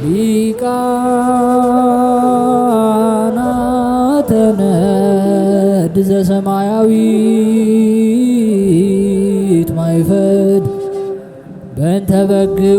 ሊቃናተ ነድ ዘሰማያዊት ማይፈድ በእንተ በግኡ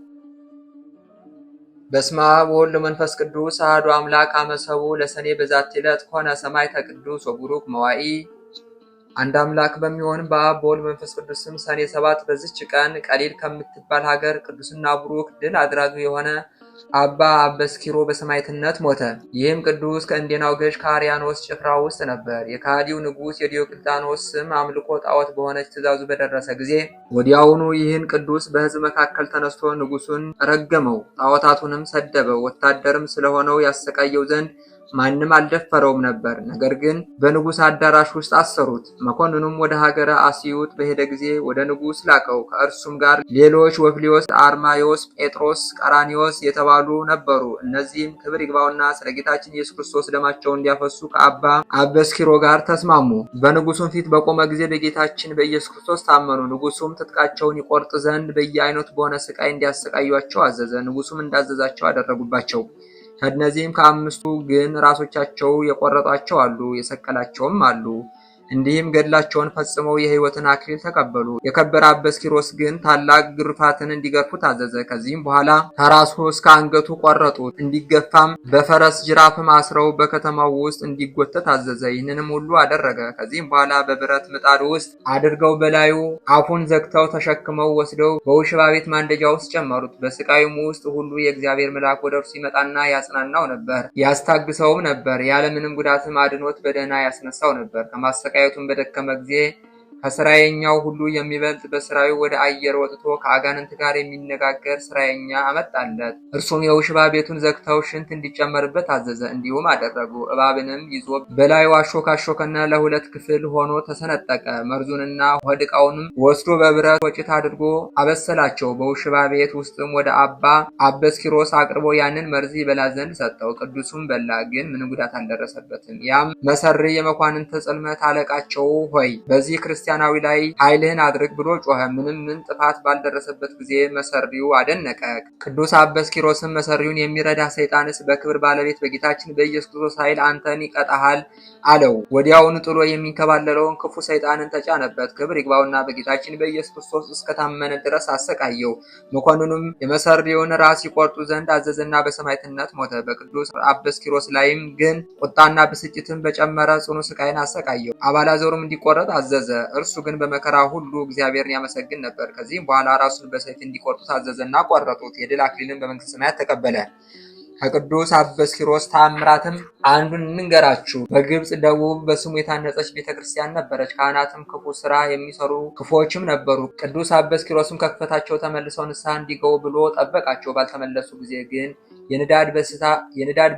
በስመ አብ ወወልድ ወመንፈስ ቅዱስ አሐዱ አምላክ አመሰቡ ለሰኔ በዛቲ ዕለት ኮነ ሰማዕተ ቅዱስ ወቡሩክ መዋዒ። አንድ አምላክ በሚሆን በአብ በወልድ መንፈስ ቅዱስም ሰኔ ሰባት በዚች ቀን ቀሊል ከምትባል ሀገር ቅዱስና ቡሩክ ድል አድራጊ የሆነ አባ አበስኪሮ በሰማዕትነት ሞተ። ይህም ቅዱስ ከእንዴናው ገዥ ከአርያኖስ ጭፍራ ውስጥ ነበር። የካዲው ንጉሥ የዲዮቅልጣኖስ ስም አምልኮ ጣዖት በሆነች ትእዛዙ በደረሰ ጊዜ ወዲያውኑ ይህን ቅዱስ በሕዝብ መካከል ተነስቶ ንጉሱን ረገመው፣ ጣዖታቱንም ሰደበው። ወታደርም ስለሆነው ያሰቃየው ዘንድ ማንም አልደፈረውም ነበር። ነገር ግን በንጉሥ አዳራሽ ውስጥ አሰሩት። መኮንኑም ወደ ሀገረ አስዩጥ በሄደ ጊዜ ወደ ንጉሥ ላከው። ከእርሱም ጋር ሌሎች ወፍሊዮስ፣ አርማዮስ፣ ጴጥሮስ፣ ቀራኒዮስ የተባሉ ነበሩ። እነዚህም ክብር ይግባውና ስለ ጌታችን ኢየሱስ ክርስቶስ ደማቸው እንዲያፈሱ ከአባ አበስኪሮ ጋር ተስማሙ። በንጉሱም ፊት በቆመ ጊዜ በጌታችን በኢየሱስ ክርስቶስ ታመኑ። ንጉሱም ትጥቃቸውን ይቆርጥ ዘንድ በየአይነቱ በሆነ ስቃይ እንዲያሰቃዩቸው አዘዘ። ንጉሱም እንዳዘዛቸው አደረጉባቸው። ከእነዚህም ከአምስቱ ግን ራሶቻቸው የቆረጧቸው አሉ፣ የሰቀላቸውም አሉ። እንዲህም ገድላቸውን ፈጽመው የሕይወትን አክሊል ተቀበሉ። የከበረ አበስኪሮስ ግን ታላቅ ግርፋትን እንዲገርፉ ታዘዘ። ከዚህም በኋላ ከራሱ እስከ አንገቱ ቆረጡት። እንዲገፋም በፈረስ ጅራፍም አስረው በከተማው ውስጥ እንዲጎተት ታዘዘ። ይህንንም ሁሉ አደረገ። ከዚህም በኋላ በብረት ምጣድ ውስጥ አድርገው በላዩ አፉን ዘግተው ተሸክመው ወስደው በውሽባ ቤት ማንደጃ ውስጥ ጨመሩት። በስቃዩም ውስጥ ሁሉ የእግዚአብሔር መልአክ ወደ እርሱ ይመጣና ያጽናናው ነበር፣ ያስታግሰውም ነበር። ያለምንም ጉዳትም አድኖት በደህና ያስነሳው ነበር። ከማሰቃ ሰቃየቱን በደከመ ጊዜ ከስራየኛው ሁሉ የሚበልጥ በስራዊ ወደ አየር ወጥቶ ከአጋንንት ጋር የሚነጋገር ስራየኛ አመጣለት። እርሱም የውሽባ ቤቱን ዘግተው ሽንት እንዲጨመርበት አዘዘ። እንዲሁም አደረጉ። እባብንም ይዞ በላዩ አሾካሾከና ለሁለት ክፍል ሆኖ ተሰነጠቀ። መርዙንና ሆድ ወስዶ በብረት ወጭት አድርጎ አበሰላቸው። በውሽባ ቤት ውስጥም ወደ አባ አበስኪሮስ አቅርቦ ያንን መርዝ ይበላ ዘንድ ሰጠው። ቅዱሱም በላ፣ ግን ምንም ጉዳት አልደረሰበትም። ያም መሰሪ የመኳንንተ ጽልመት አለቃቸው ሆይ በዚህ ክርስቲያን ክርስቲያናዊ ላይ ኃይልህን አድርግ ብሎ ጮኸ። ምንም ምን ጥፋት ባልደረሰበት ጊዜ መሰሪው አደነቀ። ቅዱስ አበስ ኪሮስም መሰሪውን የሚረዳ ሰይጣንስ በክብር ባለቤት በጌታችን በኢየሱስ ክርስቶስ ኃይል አንተን ይቀጣሃል አለው። ወዲያውኑ ጥሎ የሚንከባለለውን ክፉ ሰይጣንን ተጫነበት። ክብር ይግባውና በጌታችን በኢየሱስ ክርስቶስ እስከታመነ ድረስ አሰቃየው። መኮንኑም የመሰሪውን ራስ ይቆርጡ ዘንድ አዘዘና በሰማዕትነት ሞተ። በቅዱስ አበስ ኪሮስ ላይም ግን ቁጣና ብስጭትን በጨመረ ጽኑ ስቃይን አሰቃየው። አባላዘሩም እንዲቆረጥ አዘዘ። እርሱ ግን በመከራ ሁሉ እግዚአብሔርን ያመሰግን ነበር። ከዚህም በኋላ ራሱን በሰይፍ እንዲቆርጡ ታዘዘና ቆረጡት። የድል አክሊልን በመንግስተ ሰማያት ተቀበለ። ከቅዱስ አበስኪሮስ ታምራትም አንዱን እንንገራችሁ። በግብፅ ደቡብ በስሙ የታነጸች ቤተክርስቲያን ነበረች። ካህናትም ክፉ ስራ የሚሰሩ ክፎችም ነበሩ። ቅዱስ አበስኪሮስም ከክፈታቸው ተመልሰው ንስሐ እንዲገቡ ብሎ ጠበቃቸው። ባልተመለሱ ጊዜ ግን የንዳድ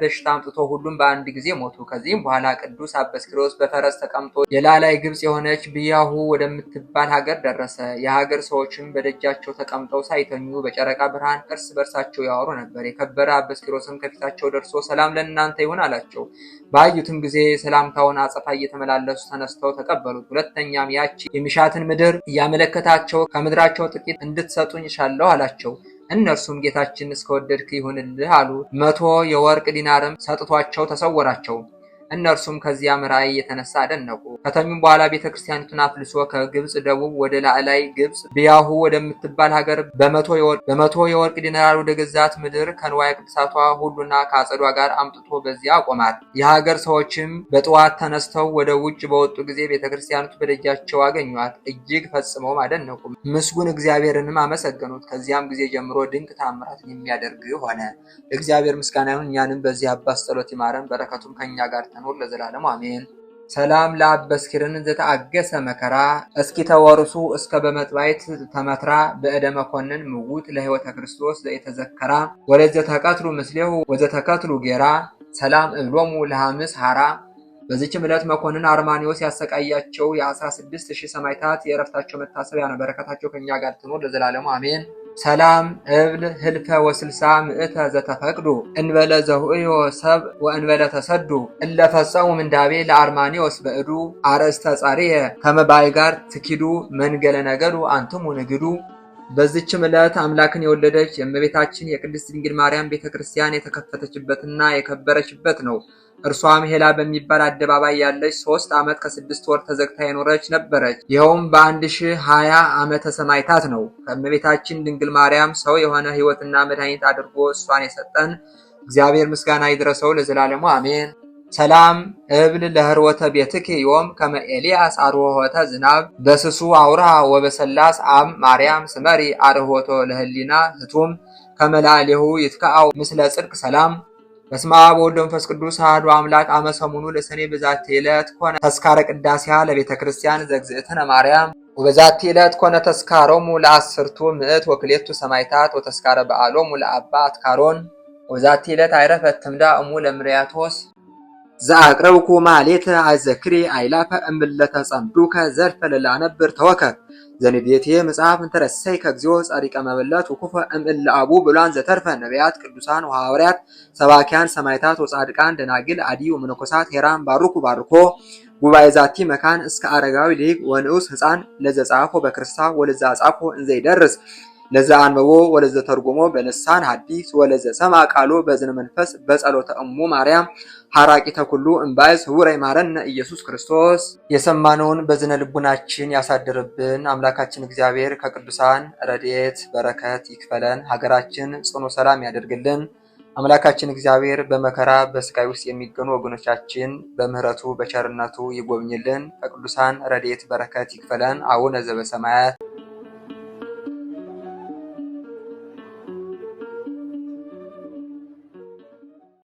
በሽታ አምጥቶ ሁሉም በአንድ ጊዜ ሞቱ። ከዚህም በኋላ ቅዱስ አበስክሮስ በፈረስ ተቀምጦ የላላይ ግብፅ የሆነች ብያሁ ወደምትባል ሀገር ደረሰ። የሀገር ሰዎችም በደጃቸው ተቀምጠው ሳይተኙ በጨረቃ ብርሃን እርስ በርሳቸው ያወሩ ነበር። የከበረ አበስክሮስም ከፊታቸው ደርሶ ሰላም ለእናንተ ይሁን አላቸው። ባዩትም ጊዜ ሰላምታውን አጸፋ እየተመላለሱ ተነስተው ተቀበሉት። ሁለተኛም ያቺ የሚሻትን ምድር እያመለከታቸው ከምድራቸው ጥቂት እንድትሰጡኝ ይሻለሁ አላቸው። እነርሱም ጌታችን እስከወደድክ ይሁንልህ አሉ። መቶ የወርቅ ዲናርም ሰጥቷቸው ተሰወራቸው። እነርሱም ከዚያም ራእይ የተነሳ አደነቁ። ከተኙም በኋላ ቤተ ክርስቲያኒቱን አፍልሶ ከግብፅ ደቡብ ወደ ላዕላይ ግብፅ ቢያሁ ወደምትባል ሀገር በመቶ የወርቅ ዲናር ወደ ገዛት ምድር ከንዋየ ቅድሳቷ ሁሉና ከአጸዷ ጋር አምጥቶ በዚያ አቆማል። የሀገር ሰዎችም በጠዋት ተነስተው ወደ ውጭ በወጡ ጊዜ ቤተ ክርስቲያኒቱ በደጃቸው አገኟት። እጅግ ፈጽመውም አደነቁም። ምስጉን እግዚአብሔርንም አመሰገኑት። ከዚያም ጊዜ ጀምሮ ድንቅ ታምራትን የሚያደርግ ሆነ። እግዚአብሔር ምስጋና ይሁን። እኛንም በዚህ አባስ ጸሎት ይማረን፣ በረከቱም ከእኛ ጋር ትኑር ለዘላለም አሜን። ሰላም ለአበስኪርን ዘተአገሰ መከራ እስኪ ተወርሱ እስከ በመጥባይት ተመትራ በእደ መኮንን ምውት ለህይወተ ክርስቶስ ዘተዘከራ ወለዘተቀትሉ ምስሌሁ ወዘተከትሉ ጌራ ሰላም እብሎሙ ለሐምስ ሐራ። በዚችም ዕለት መኮንን አርማኒዎስ ያሰቃያቸው የ16 ሺህ ሰማዕታት የእረፍታቸው መታሰቢያ ነው። በረከታቸው ከእኛ ጋር ትኖር ለዘላለሙ አሜን። ሰላም እብል ህልፈ ወስልሳ ምእተ ዘተፈቅዱ እንበለ ዘውእዮ ሰብ ወእንበለ ተሰዱ እለፈጸሙ ምንዳቤ ለአርማኒዎስ በእዱ አርእስተ ጻርየ ከመባይ ጋር ትኪዱ መንገለ ነገሩ አንትሙ ንግዱ በዚችም ዕለት አምላክን የወለደች የእመቤታችን የቅድስት ድንግል ማርያም ቤተክርስቲያን የተከፈተችበትና የከበረችበት ነው። እርሷም ሄላ በሚባል አደባባይ ያለች ሶስት ዓመት ከስድስት ወር ተዘግታ የኖረች ነበረች። ይኸውም በአንድ ሺህ ሀያ ዓመተ ሰማይታት ነው። ከእመቤታችን ድንግል ማርያም ሰው የሆነ ሕይወትና መድኃኒት አድርጎ እሷን የሰጠን እግዚአብሔር ምስጋና ይድረሰው ለዘላለሙ አሜን። ሰላም እብል ለህርወተ ቤትኪ ዮም ከመ ኤልያስ አርሆተ ዝናብ በስሱ አውራ ወበሰላስ አም ማርያም ስመሪ አርሆቶ ለህሊና ህቱም ከመላሌሁ ይትከአው ምስለ ጽድቅ ሰላም በስመ አብ ወወልድ ወመንፈስ ቅዱስ አሐዱ አምላክ አመ ሰሙኑ ለሰኔ በዛቲ ዕለት ኮነ ተስካረ ቅዳሴሃ ለቤተ ክርስቲያን ዘግዝእትነ ማርያም ወበዛቲ ዕለት ኮነ ተስካሮሙ ለአስርቱ ምዕት ወክሌቱ ሰማይታት ወተስካረ በዓሎሙ ለአባ አትካሮን ወበዛቲ ዕለት አይረፈት ትምዳ እሙ ለምርያቶስ ዘአቅረብኩ ማሌተ አዘክሬ አይላፈ እምለተ ጸምዱከ ዘልፈ ለላነብር ተወከ ዘንቤቴ መጽሐፍ እንተረሰይ ከእግዚኦ ጸሪቀ መበለት ወኩፈ እምእለ አቡ ብሏን ዘተርፈ ነቢያት ቅዱሳን ወሐዋርያት ሰባኪያን ሰማይታት ወጻድቃን ደናግል አዲዩ መነኮሳት ሄራን ባርኩ ባርኮ ጉባኤ ዛቲ መካን እስከ አረጋዊ ልሂቅ ወንዑስ ህፃን ለዘጻፎ በክርስታ ወለዛ ጻፎ እንዘይደርስ ለዘ አንበቦ ወለዘ ተርጎሞ በልሳን ሐዲስ ወለዘ ሰማ ቃሎ በዝነ መንፈስ በጸሎተ እሙ ማርያም ሐራቂ ተኩሉ እምባይ ስውራይ ማረነ ኢየሱስ ክርስቶስ። የሰማነውን በዝነ ልቡናችን ያሳድርብን። አምላካችን እግዚአብሔር ከቅዱሳን ረድኤት በረከት ይክፈለን። ሀገራችን ጽኑ ሰላም ያደርግልን። አምላካችን እግዚአብሔር በመከራ በስቃይ ውስጥ የሚገኑ ወገኖቻችን በምህረቱ በቸርነቱ ይጎብኝልን። ከቅዱሳን ረድኤት በረከት ይክፈለን። አቡነ ዘበሰማያት